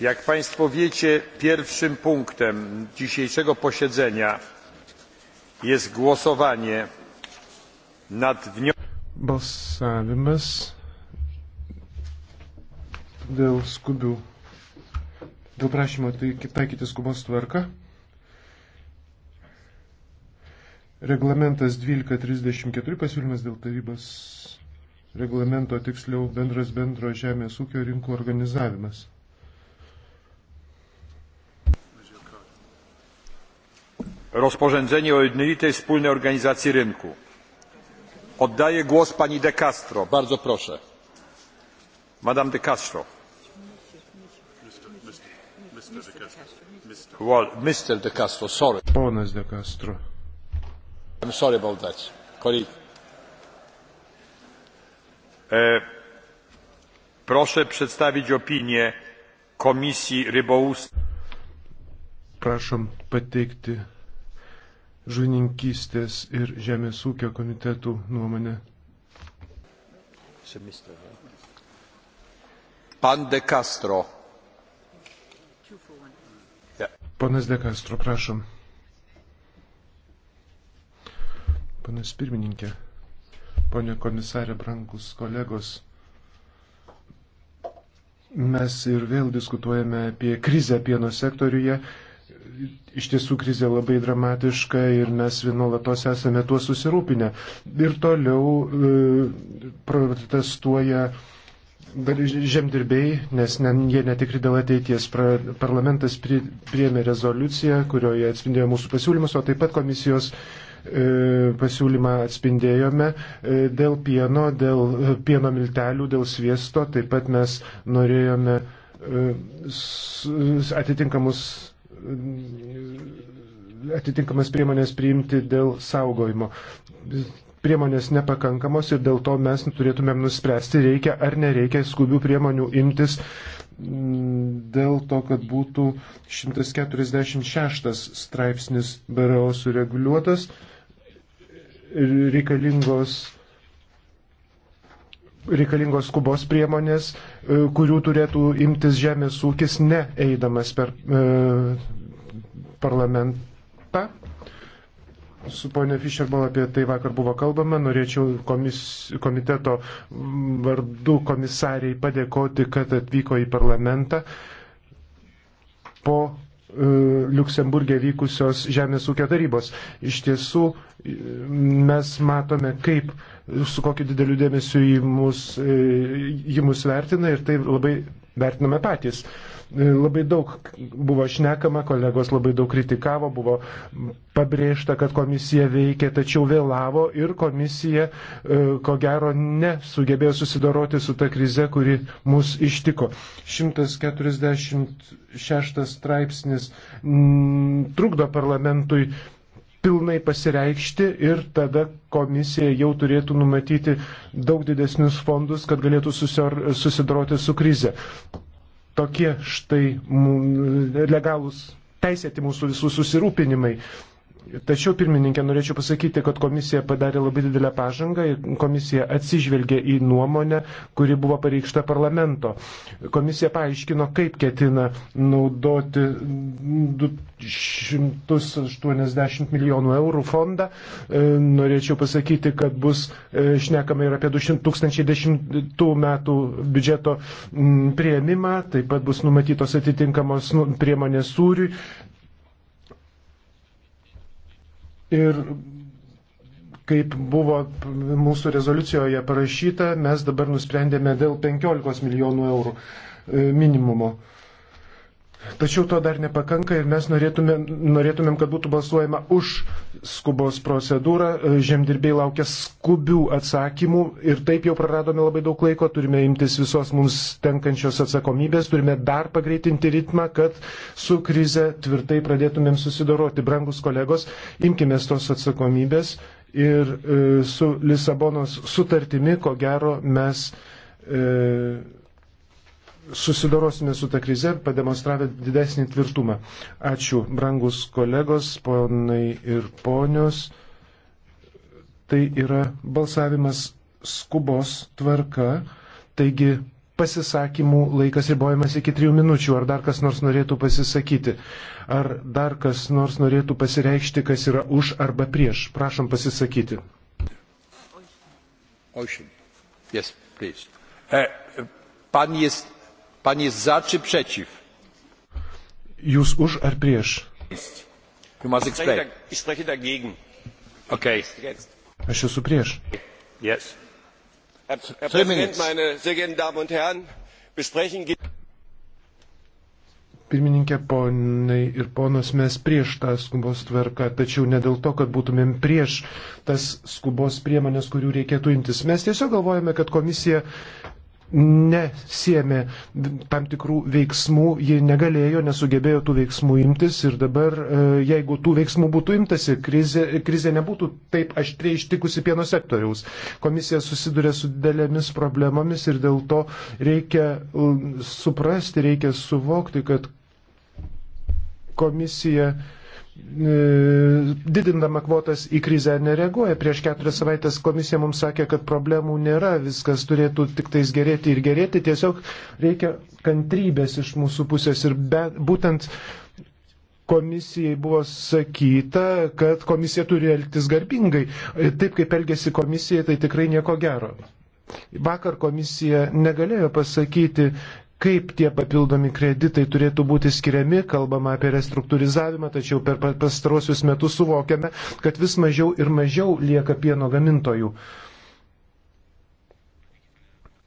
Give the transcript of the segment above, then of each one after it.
jak państwo wiecie pierwszym punktem dzisiejszego posiedzenia jest głosowanie nad balsavimas dėl skubių dėl prašymo taikyti skubos tvarką reglamentas 1234 pasiūlymas dėl tarybos reglamento tiksliau bendras bendro žemės ūkio rinkų organizavimas rozporządzenie o jednolitej wspólnej organizacji rynku. oddaję głos pani de castro. bardzo proszę. madame de castro. Well, Mr. De Castro, sorry. Ponas De Castro. I'm sorry about that. Colleague. E, proszę przedstawić opinię Komisji Rybołówstwa. Prašom pateikti žuvininkystės ir žemės ūkio komitetų nuomonė. Pan De Castro. Panas De Castro, prašom. Panas pirmininkė, ponė komisarė, brangus kolegos, mes ir vėl diskutuojame apie krizę pieno sektoriuje Iš tiesų krizė labai dramatiška ir mes nuolatos esame tuo susirūpinę. Ir toliau e, protestuoja žemdirbiai, nes ne, jie netikri dėl ateities. Pra, parlamentas pri, priėmė rezoliuciją, kurioje atspindėjo mūsų pasiūlymus, o taip pat komisijos e, pasiūlymą atspindėjome e, dėl pieno, dėl e, pieno miltelių, dėl sviesto. Taip pat mes norėjome e, s, atitinkamus atitinkamas priemonės priimti dėl saugojimo. Priemonės nepakankamos ir dėl to mes turėtumėm nuspręsti, reikia ar nereikia skubių priemonių imtis mm, dėl to, kad būtų 146 straipsnis BRO sureguliuotas ir reikalingos reikalingos skubos priemonės, e, kurių turėtų imtis žemės ūkis, ne eidamas per e, parlamentą. Su ponia Fischerbal apie tai vakar buvo kalbama. Norėčiau komis, komiteto vardu komisariai padėkoti, kad atvyko į parlamentą po E, Luksemburgė vykusios Žemės ūkio tarybos. Iš tiesų e, mes matome, kaip su kokiu dideliu dėmesiu jį mus, e, jį mus vertina ir tai labai vertiname patys. E, labai daug buvo šnekama, kolegos labai daug kritikavo, buvo pabrėžta, kad komisija veikė, tačiau vėlavo ir komisija, e, ko gero, nesugebėjo susidoroti su ta krize, kuri mus ištiko. 146 straipsnis mm, trukdo parlamentui pilnai pasireikšti ir tada komisija jau turėtų numatyti daug didesnius fondus, kad galėtų susidoroti su krize. Tokie štai legalūs teisėti mūsų visų susirūpinimai. Tačiau, pirmininkė, norėčiau pasakyti, kad komisija padarė labai didelę pažangą ir komisija atsižvelgė į nuomonę, kuri buvo pareikšta parlamento. Komisija paaiškino, kaip ketina naudoti 280 milijonų eurų fondą. E, norėčiau pasakyti, kad bus e, šnekama ir apie 2010 metų biudžeto prieimimą, taip pat bus numatytos atitinkamos nu, priemonės sūriui. Ir kaip buvo mūsų rezoliucijoje parašyta, mes dabar nusprendėme dėl 15 milijonų eurų e, minimumo. Tačiau to dar nepakanka ir mes norėtumėm, norėtumėm kad būtų balsuojama už skubos procedūrą. Žemdirbiai laukia skubių atsakymų ir taip jau praradome labai daug laiko, turime imtis visos mums tenkančios atsakomybės, turime dar pagreitinti ritmą, kad su krize tvirtai pradėtumėm susidoroti. Brangus kolegos, imkime tos atsakomybės ir e, su Lisabonos sutartimi, ko gero, mes. E, susidorosime su tą krize, pademonstravę didesnį tvirtumą. Ačiū, brangus kolegos, ponai ir ponios. Tai yra balsavimas skubos tvarka, taigi pasisakymų laikas ribojamas iki trijų minučių. Ar dar kas nors norėtų pasisakyti? Ar dar kas nors norėtų pasireikšti, kas yra už arba prieš? Prašom pasisakyti. Ocean. Yes, please. Uh, pan jest Pan jest za czy przeciw? Jūs už ar prieš? You must explain. Ich spreche dagegen. Okay. Aš esu prieš. Yes. Herr, Herr Präsident, meine sehr geehrten Damen und Herren, besprechen geht. Pirmininkė, poniai ir ponos, mes prieš tą skubos tvarką, tačiau ne dėl to, kad būtumėm prieš tas skubos priemonės, kurių reikėtų imtis. Mes tiesiog galvojame, kad komisija nesėmė tam tikrų veiksmų, ji negalėjo, nesugebėjo tų veiksmų imtis ir dabar, e, jeigu tų veiksmų būtų imtasi, krizė, krizė nebūtų taip aštriai ištikusi pieno sektoriaus. Komisija susiduria su didelėmis problemomis ir dėl to reikia suprasti, reikia suvokti, kad komisija E, didindama kvotas į krizę nereaguoja. Prieš keturias savaitės komisija mums sakė, kad problemų nėra, viskas turėtų tik tais gerėti ir gerėti, tiesiog reikia kantrybės iš mūsų pusės ir be, būtent komisijai buvo sakyta, kad komisija turi elgtis garbingai. E, taip kaip elgesi komisija, tai tikrai nieko gero. Vakar komisija negalėjo pasakyti, kaip tie papildomi kreditai turėtų būti skiriami, kalbama apie restruktūrizavimą, tačiau per pastarosius metus suvokiame, kad vis mažiau ir mažiau lieka pieno gamintojų.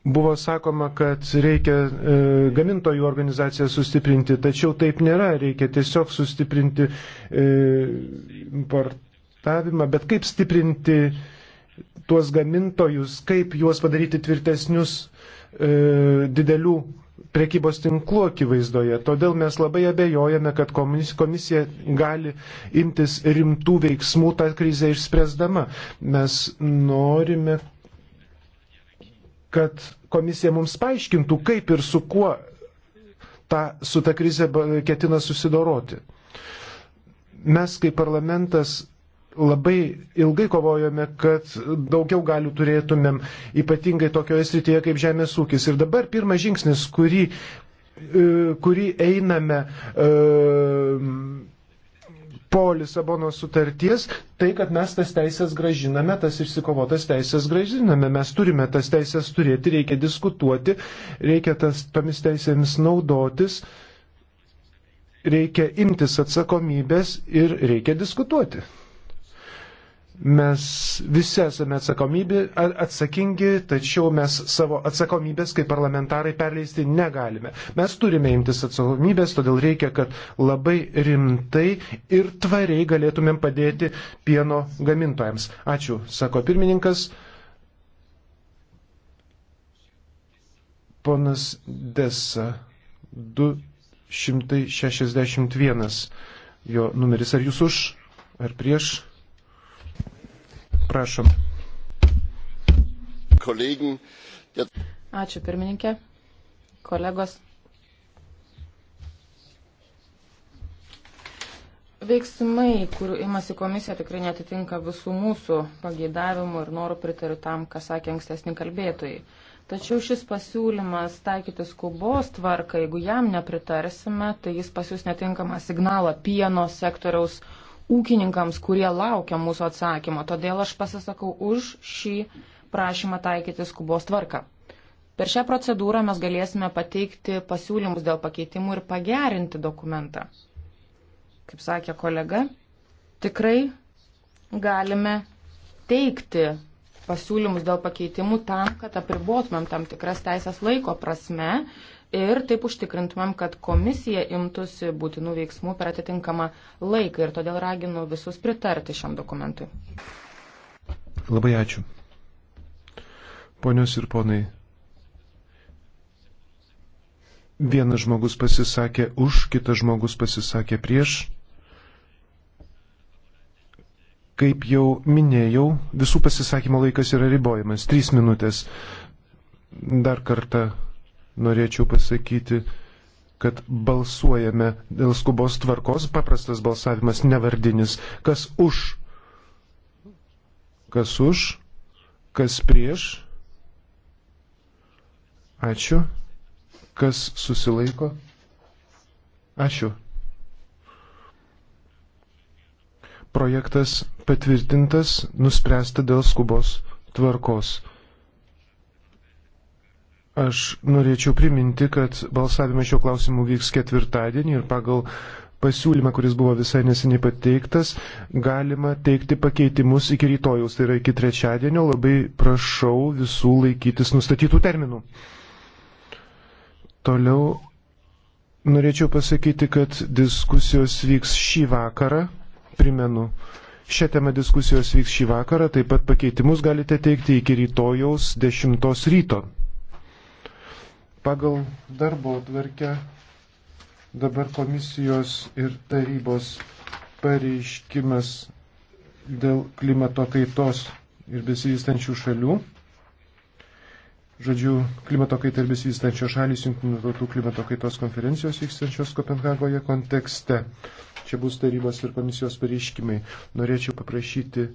Buvo sakoma, kad reikia e, gamintojų organizaciją sustiprinti, tačiau taip nėra, reikia tiesiog sustiprinti e, importavimą, bet kaip stiprinti tuos gamintojus, kaip juos padaryti tvirtesnius e, didelių priekybos tinklų akivaizdoje. Todėl mes labai abejojame, kad komisija gali imtis rimtų veiksmų tą krizę išspręsdama. Mes norime, kad komisija mums paaiškintų, kaip ir su kuo ta, su ta krize ketina susidoroti. Mes kaip parlamentas labai ilgai kovojome, kad daugiau galių turėtumėm, ypatingai tokioje srityje kaip žemės ūkis. Ir dabar pirmas žingsnis, kurį, e, kurį einame e, po Lisabonos sutarties, tai kad mes tas teisės gražiname, tas išsikovotas teisės gražiname, mes turime tas teisės turėti, reikia diskutuoti, reikia tas, tomis teisėmis naudotis, reikia imtis atsakomybės ir reikia diskutuoti. Mes visi esame atsakingi, tačiau mes savo atsakomybės kaip parlamentarai perleisti negalime. Mes turime imtis atsakomybės, todėl reikia, kad labai rimtai ir tvariai galėtumėm padėti pieno gamintojams. Ačiū, sako pirmininkas. Ponas Desa 261, jo numeris. Ar jūs už, ar prieš? Prašom. Kolegin. Ačiū pirmininkė, kolegos. Veiksmai, kurių imasi komisija, tikrai netitinka visų mūsų pageidavimų ir norų pritariu tam, ką sakė ankstesni kalbėtojai. Tačiau šis pasiūlymas taikyti skubos tvarką, jeigu jam nepritarsime, tai jis pasiūs netinkamą signalą pieno sektoriaus ūkininkams, kurie laukia mūsų atsakymo. Todėl aš pasisakau už šį prašymą taikyti skubos tvarką. Per šią procedūrą mes galėsime pateikti pasiūlymus dėl pakeitimų ir pagerinti dokumentą. Kaip sakė kolega, tikrai galime teikti pasiūlymus dėl pakeitimų tam, kad apribotumėm tam tikras teisės laiko prasme ir taip užtikrintumėm, kad komisija imtųsi būtinų veiksmų per atitinkamą laiką ir todėl raginu visus pritarti šiam dokumentui. Labai ačiū. Ponios ir ponai, vienas žmogus pasisakė už, kitas žmogus pasisakė prieš. Kaip jau minėjau, visų pasisakymo laikas yra ribojamas - trys minutės. Dar kartą norėčiau pasakyti, kad balsuojame dėl skubos tvarkos, paprastas balsavimas, nevardinis. Kas už? Kas už? Kas prieš? Ačiū. Kas susilaiko? Ačiū. Projektas patvirtintas, nuspręsta dėl skubos tvarkos. Aš norėčiau priminti, kad balsavimai šio klausimu vyks ketvirtadienį ir pagal pasiūlymą, kuris buvo visai neseniai pateiktas, galima teikti pakeitimus iki rytojaus, tai yra iki trečiadienio. Labai prašau visų laikytis nustatytų terminų. Toliau norėčiau pasakyti, kad diskusijos vyks šį vakarą, primenu. Šią temą diskusijos vyks šį vakarą, taip pat pakeitimus galite teikti iki rytojaus 10 ryto. Pagal darbo tvarkę dabar komisijos ir tarybos pareiškimas dėl klimato kaitos ir besivystančių šalių. Žodžiu, klimato kaita ir besivystančios šalys Junktinių tautų klimato kaitos konferencijos vykstančios Kopenhagoje kontekste. Čia bus tarybos ir komisijos pareiškimai. Norėčiau paprašyti